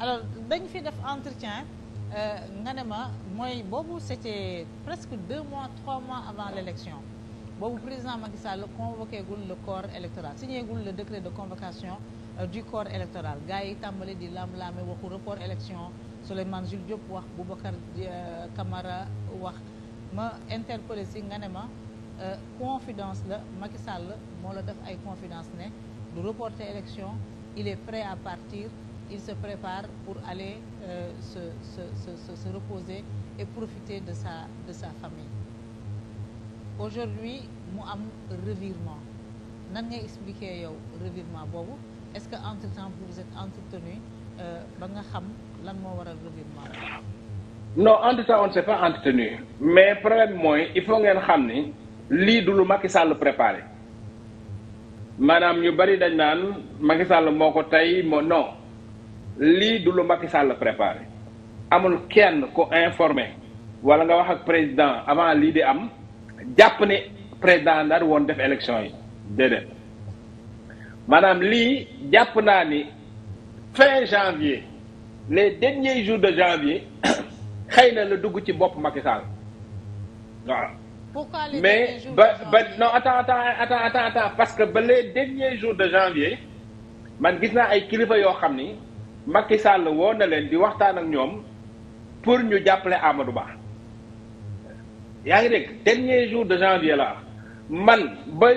alors dañ fi def entretien euh, nga ne ma mooy boobu c'était presque deux mois trois mois avant l'élection boobu président Macky Sall convoqué gul le corps électoral signé gul le décret de convocation euh, du corps électoral gars yi tàmbali di lam-laame waxu report élection Souleymane Jules Diop wax Boubacar euh, Camara wax ma interpellé si nga ne ma confidence la Macky Sall moo la def ay confidence ne du reporter élection il est prêt à partir il se prépare pour aller euh, se, se, se, reposer et profiter de sa, de sa famille. Aujourd'hui, mu am revirement. Nan ngay expliquer yow revirement boobu est-ce que entre-temps vous êtes entretenu euh, ba nga xam lan moo waral revirement non entre-temps on ne pas entretenu mais problème mooy il faut ngeen xam ni lii du lu Macky sàll préparé maanaam yu bari dañ naan Macky sàll moo ko tey moo non lii du lu Macky Sall préparé amul kenn ku informé wala nga wax ak président avant lii di am jàpp ne président ndar woon def élection yi déedéet maanaam lii jàpp naa ni fin janvier les derniers jours de janvier xëy na la dugg ci bopp Macky Sall waaw mais ba ba non attends attends attends attends parce que ba les derniers jours de janvier man gis naa ay kilifa yoo xam ni Macky Sall na leen di waxtaan ak ñoom pour ñu jàppale Amadou Ba yaa ngi rek dernier jour de janvier la man ba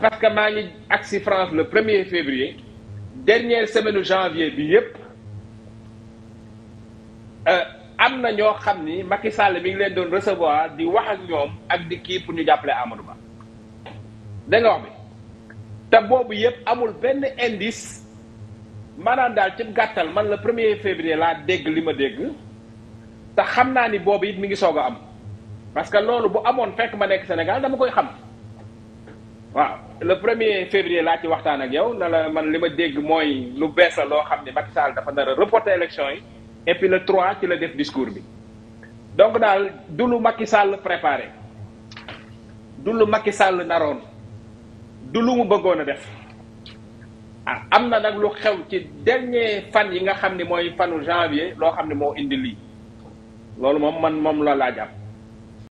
parce que maa ngi agsi France le premier février dernière semaine janvier bi yépp euh, am na ñoo xam ni Macky Sall mi ngi leen doon recevoir di wax ak ñoom ak di kii pour ñu jàppale Amadou Ba da wax bi te boobu yépp amul benn indice maanaam daal ci gàttal man la premier février laa dégg li ma dégg te xam naa ni boobu it mi ngi soog a am parce que loolu bu amoon fekk ma nekk Sénégal dama koy xam waaw le premier février laa ci waxtaan ak yow na la man li ma dégg mooy lu bees la loo xam ne Macky Sall dafa nar a reporter élection yi et puis le 3 ci la def discours bi donc daal du lu Macky Sall préparé du lu Macky Sall naroon du lu mu bëggoon a def. Ah, am na nag lu xew ci dernier fan yi nga xam ni mooy fanu janvier loo xam ne moo indi lii loolu moom man moom la laa jàpp